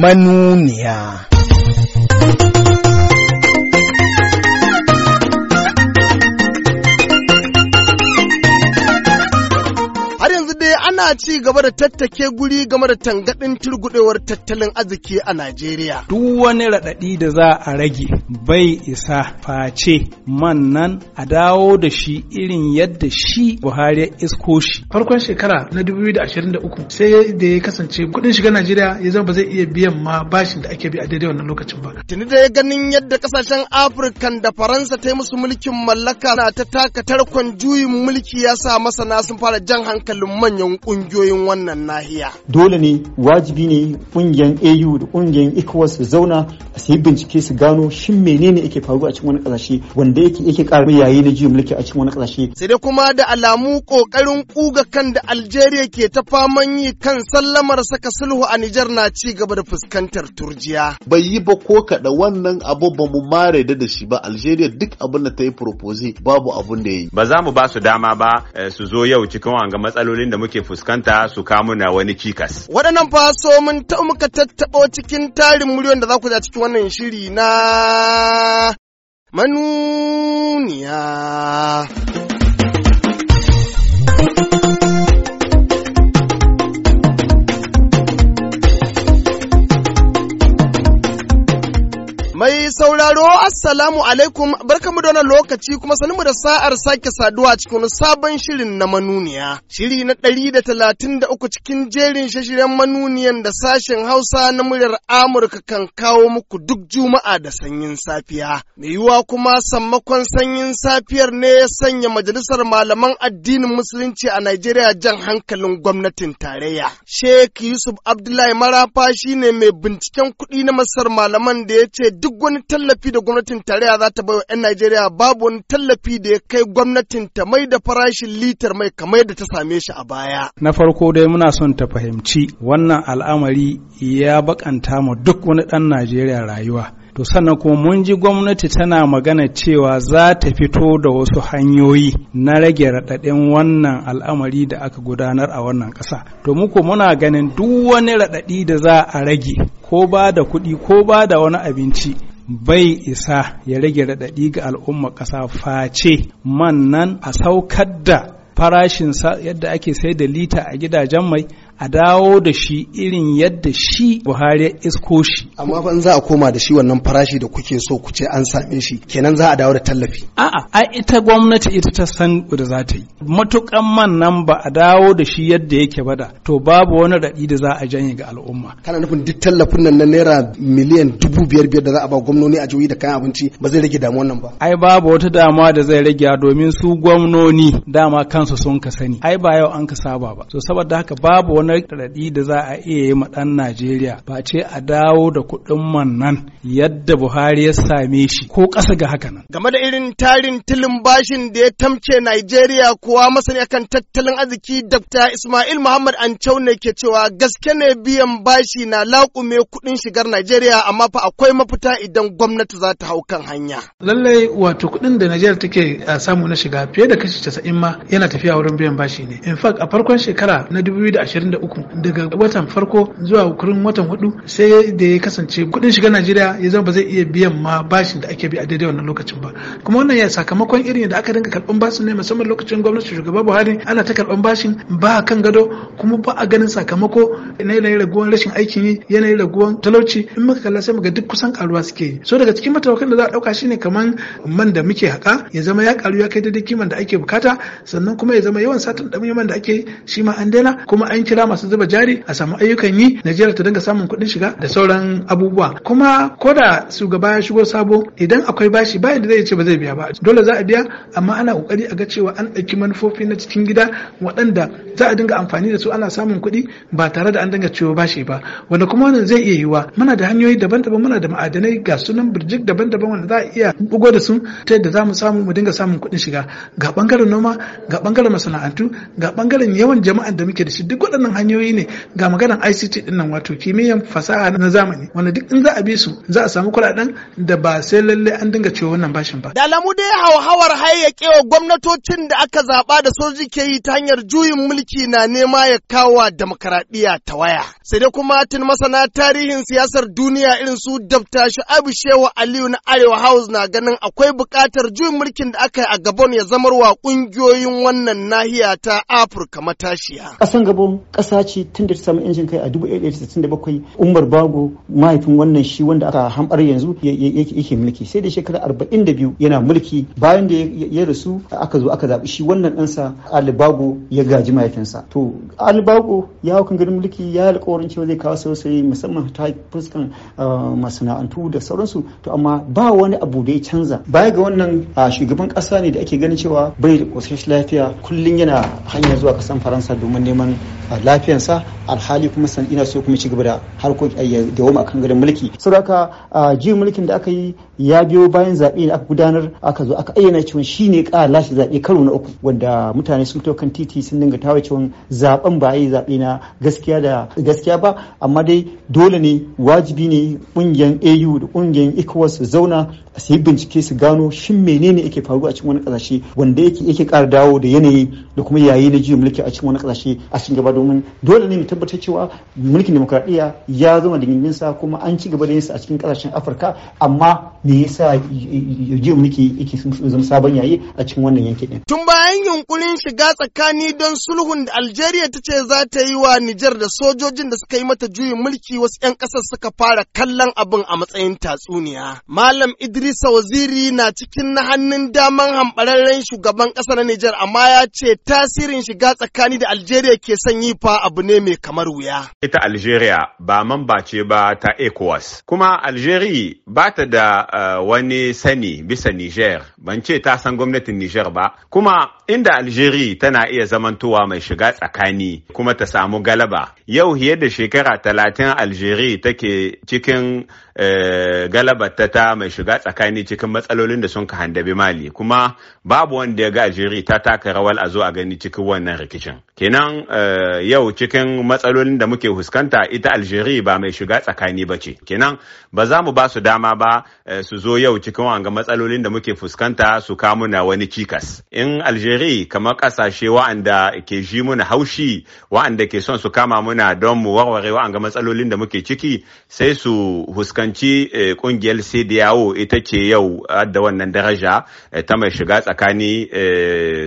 manuniya. ana ci gaba da tattake guri game da tangadin turgudewar tattalin arziki a Najeriya. Duk wani raɗaɗi da za a rage bai isa face man nan a dawo da shi irin yadda shi Buhari ya isko shi. Farkon shekara na 2023 sai da ya kasance kuɗin shiga Najeriya ya zama ba zai iya biyan ma bashin da ake bi a daidai wannan lokacin ba. Tuni da ya ganin yadda kasashen Afirka da Faransa ta yi musu mulkin mallaka na ta taka tarkon juyin mulki ya sa masana sun fara jan hankalin manyan kungiyoyin wannan nahiya. Dole ne wajibi ne ƙungiyar AU da kungiyar ECOWAS su zauna su yi bincike su gano shin menene yake faru a cikin wani kasashe wanda yake yake karu yayi na juyin mulki a cikin wani kasashe. Sai dai kuma da alamu kokarin kuga kan da Algeria ke ta faman yi kan sallamar saka sulhu a Nijar na ci gaba da fuskantar turjiya. Bai yi ba ko kada wannan abu ba mu mare da shi ba Algeria duk abin da ta yi babu abin da ya yi. Ba za mu ba su dama ba eh, su zo yau cikin wanga matsalolin da muke fuskanta. fuskanta su kamuna wani cikas. Waɗannan faso mun ta muka tattaɓo cikin tarin miliyon da za ku cikin wannan shiri na manuniya. Mai sauraro assalamu alaikum barkamu da wannan lokaci kuma mu da sa'ar sake saduwa cikin sabon shirin na manuniya. Shiri na ɗari da talatin da uku cikin jerin shashiren manuniyan da sashen Hausa na muryar Amurka kan kawo muku duk Juma'a da sanyin safiya. Mai yiwuwa kuma sammakon sanyin safiyar ne ya sanya majalisar malaman addinin musulunci a Najeriya jan hankalin gwamnatin tarayya. Sheikh Yusuf Abdullahi Marafa shine mai binciken kuɗi na masar malaman da ya ce duk wani tallafi da gwamnatin tarayya za ta baiwa 'yan Najeriya babu wani tallafi da ya kai gwamnatin ta mai da farashin litar mai kamar yadda ta same shi a baya. Na farko dai muna son ta fahimci wannan al'amari ya bakanta ma duk wani ɗan Najeriya rayuwa. to sannan kuma mun ji gwamnati tana magana cewa za ta fito da wasu hanyoyi na rage raɗaɗin wannan al'amari da aka gudanar a wannan ƙasa to muku muna ganin duk wani raɗaɗi da za a rage ko ba da kuɗi ko ba da wani abinci bai isa ya rage raɗaɗi ga al'umma ƙasa face man nan a saukar da farashinsa yadda ake sai da lita a gidajen mai a dawo da shi irin yadda shi Buhari ya isko shi. Amma ban za a koma da shi wannan farashi da kuke so ku ce an same shi kenan za a dawo da tallafi. A'a a ita gwamnati ita ta san da za ta yi. Matukan man nan ba a dawo da shi yadda yake ba da to babu wani raɗi da za a janye ga al'umma. Kana nufin duk tallafin nan na naira miliyan dubu biyar biyar da za a ba gwamnoni a juyi da kayan abinci ba zai rage damuwan nan ba. Ai babu wata dama da zai rage domin su gwamnoni dama kansu sun ka sani. Ai ba yau an ka saba ba. To saboda haka babu wani na raɗi da za a iya yi ma ɗan Najeriya ba ce a dawo da kuɗin man nan yadda Buhari ya same shi ko ƙasa ga haka nan. Game da irin tarin tilin bashin da ya tamce Najeriya kuwa masani akan tattalin arziki Dr. Ismail Muhammad Ancau ne ke cewa gaske ne biyan bashi na laƙume kuɗin shigar Najeriya amma fa akwai mafita idan gwamnati za ta hau kan hanya. Lallai wato kuɗin da Najeriya take samu na shiga fiye da kashi casa'in ma yana tafiya wurin biyan bashi ne. In fact a farkon shekara na 2020 23 daga watan farko zuwa kurin watan hudu sai da ya kasance kudin shiga Najeriya ya zama ba zai iya biyan ma bashin da ake bi a daidai wannan lokacin ba kuma wannan ya sakamakon irin da aka dinga karban bashin ne musamman lokacin gwamnati shugaba Buhari ana ta karban bashin ba kan gado kuma ba a ganin sakamako na yanayin raguwar rashin aikin yi yanayin raguwar talauci in muka kalla sai muga duk kusan karuwa suke yi so daga cikin matakan da za a dauka shine kaman man da muke haka ya zama ya karu ya kai daidai kiman da ake bukata sannan kuma ya zama yawan satan da ake shi ma an daina kuma an kira mata masu zuba jari a samu ayyukan yi Najeriya ta dinga samun kuɗin shiga da sauran abubuwa kuma ko da shugaba ya shigo sabo idan akwai bashi ba da zai ce ba zai biya ba dole za a biya amma ana kokari a ga cewa an ɗauki manufofi na cikin gida waɗanda za a dinga amfani da su ana samun kuɗi ba tare da an dinga ciwo bashi ba wanda kuma wannan zai iya yiwa muna da hanyoyi daban-daban muna da ma'adanai ga sunan birjik daban-daban wanda za a iya bugo da su ta yadda za mu samu mu dinga samun kuɗin shiga ga bangaren noma ga bangaren masana'antu ga bangaren yawan jama'an da muke da shi duk waɗannan hanyoyi ne ga maganar ICT din nan wato kimiyyar fasaha na zamani wanda duk in za a bi su za a samu kuɗaɗen da ba sai lalle an dinga cewa wannan bashin ba. Da lamu dai hauhawar hayyakewa gwamnatocin da aka zaɓa da soji ke yi ta hanyar juyin mulki na nema ya kawo demokaradiyya ta waya. Sai dai kuma tun masana tarihin siyasar duniya irin su Dabta Shu'abu Shehu Aliyu na Arewa House na ganin akwai buƙatar juyin mulkin da aka yi a Gabon ya wa ƙungiyoyin wannan nahiya ta Afirka matashiya. ƙasa ce tun da ta samu injin kai a bakwai umar bago mahaifin wannan shi wanda aka hambar yanzu yake mulki sai da shekara biyu yana mulki bayan da ya rasu aka zo aka zaɓi shi wannan ɗansa ali bago ya gaji mahaifinsa to alibago ya hau garin mulki ya alƙawarin cewa zai kawo sosai musamman ta fuskan ah, masana'antu da sauransu to amma ba wani abu da ya canza baya ga wannan ah, shugaban ƙasa ne da ake ganin cewa bai da ƙosashen lafiya kullum yana hanyar zuwa kasan faransa domin neman ah, lafiyansa alhali kuma san ina so kuma ci gaba da harkokin eh, da wama akan garin mulki sauraka juyin mulkin da aka yi ya biyo bayan zaɓe da aka gudanar aka zo aka ayyana cewa shi ne ƙara lashe zaɓe karo na uku wanda mutane sun fito kan titi sun dinga tawa cewa zaɓen ba yi zaɓe na gaskiya da gaskiya ba amma dai dole ne wajibi ne ƙungiyar AU da ƙungiyar ECOWAS su zauna su yi bincike su gano shin menene yake faruwa a cikin wani ƙasashe wanda yake ƙara dawo da yanayi da kuma yayi na juyin mulki a cikin wani ƙasashe a cikin gaba domin dole ne mu tabbatar cewa mulkin demokradiyya ya zama da sa kuma an ci gaba da yinsa a cikin kasashen afirka amma me yasa yaje mulki yake zama sabon yayi a cikin wannan yankin din tun bayan yunkurin shiga tsakani don sulhun da algeria ta ce za ta yi wa nijar da sojojin da suka yi mata juyin mulki wasu 'yan ƙasar suka fara kallon abin a matsayin tatsuniya malam idrisa waziri na cikin na hannun daman hambararren shugaban na nijar amma ya ce tasirin shiga tsakani da algeria ke son yi fa ma abu ne mai kamar wuya. Ita Algeria ba mamba ce ba ta ECOWAS. Kuma Algeria ba ta da uh, wani sani bisa Niger, ban ce ta san gwamnatin Niger ba. Kuma inda Algeria tana iya zamantowa mai shiga tsakani kuma ta samu galaba. Yau fiye da shekara talatin Algeria take cikin uh, galaba ta mai shiga tsakani cikin matsalolin da sun ka handabi Mali. Kuma babu wanda ya ga Algeria ta taka rawal a zo a gani cikin wannan rikicin. Kenan uh, yau yau cikin matsalolin da muke fuskanta ita aljeri ba mai shiga tsakani ba ce. Kenan ba za mu ba su dama ba eh, su zo yau cikin wanga matsalolin da muke fuskanta su kamuna wani cikas. In Algeria kamar kasashe wa'anda ke ji muna haushi wa'anda ke son su kama muna don mu warware wa'anga matsalolin da muke ciki sai su fuskanci kungiyar eh, CDAO ita ce yau da wannan daraja eh, ta mai shiga tsakani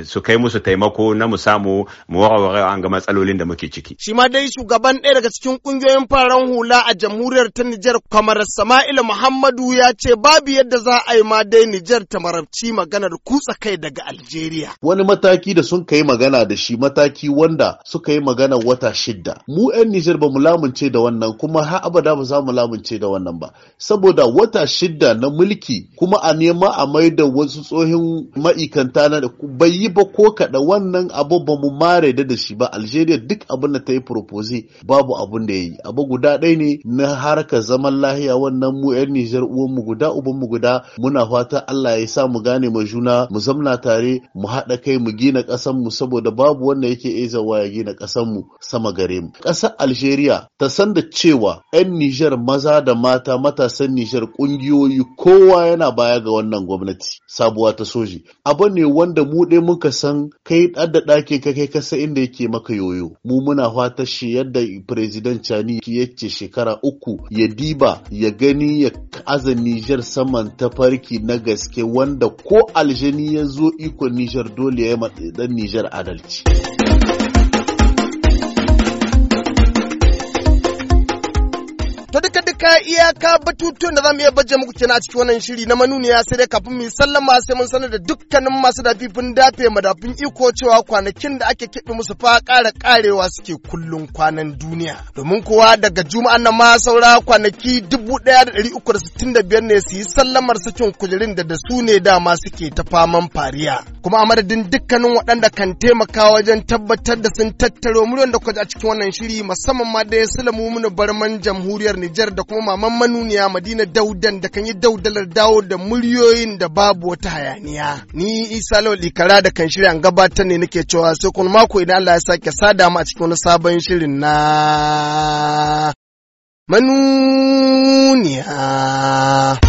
su kai musu taimako na mu samu mu warware wa'anga matsalolin da muke Shima ciki. Shi ma dai shugaban ɗaya daga cikin ƙungiyoyin fararen hula a jamhuriyar ta Nijar kamar Sama'ila Muhammadu ya ce babu yadda za a yi ma dai Nijar ta marabci maganar kutsa kai daga Algeria. Wani mataki da sun kai magana da shi mataki wanda suka yi magana wata shidda. Mu 'yan Nijar ba mu lamunce da wannan kuma har abada ba za mu lamunce da wannan ba. Saboda wata shidda na mulki kuma a nema a mai da wasu tsohin ma'ikanta na bai yi ba ko kaɗa wannan abu ba mu mare da shi ba Algeria duk abin da ta yi propose babu abin da ya yi abu guda ɗaya ne na harkar zaman lahiya wannan mu yan nijar uwan mu guda uban mu guda muna fata Allah ya sa mu gane ma juna mu zamna tare mu haɗa kai mu gina ƙasar mu saboda babu wanda yake izawa ya gina ƙasar mu sama gare mu ƙasar Algeria ta san da cewa yan nijar maza da mata matasan nijar ƙungiyoyi kowa yana baya ga wannan gwamnati sabuwa ta soji abu ne wanda mu ɗaya muka san kai ɗan da ɗakin ka kai kasa inda yake maka yoyo mu mu muna fata shi yadda president Chani yake shekara uku ya diba ya gani ya aza Nijar saman tafarki na gaske wanda ko aljani ya zo ikon Nijar dole ya yi dan Nijar adalci. iyaka iyaka batutuwan da zamu iya baje muku kenan a cikin wannan shiri na manuniya sai dai kafin mu sallama sai mun sanar da dukkanin masu dafifin dafe madafin iko cewa kwanakin da ake kiɗi musu fa ƙara ƙarewa suke kullun kwanan duniya domin kowa daga juma'an nan ma saura kwanaki dubu ɗaya da ɗari uku da sittin da biyar ne su yi sallamar sakin kujerun da da su ne dama suke ta faman fariya kuma a madadin dukkanin waɗanda kan taimaka wajen tabbatar da sun tattaro miliyan da kwaje a cikin wannan shiri musamman ma da ya sulamu mini barman jamhuriyar Nijar da kuma maman manuniya Madina Daudan da kan yi daudalar dawo da muryoyin da babu wata hayaniya. Ni Isa lau likara da kan shirya gabatar ne nake cewa sai kun mako idan Allah ya sake sada mu a cikin wani sabon shirin na manuniya.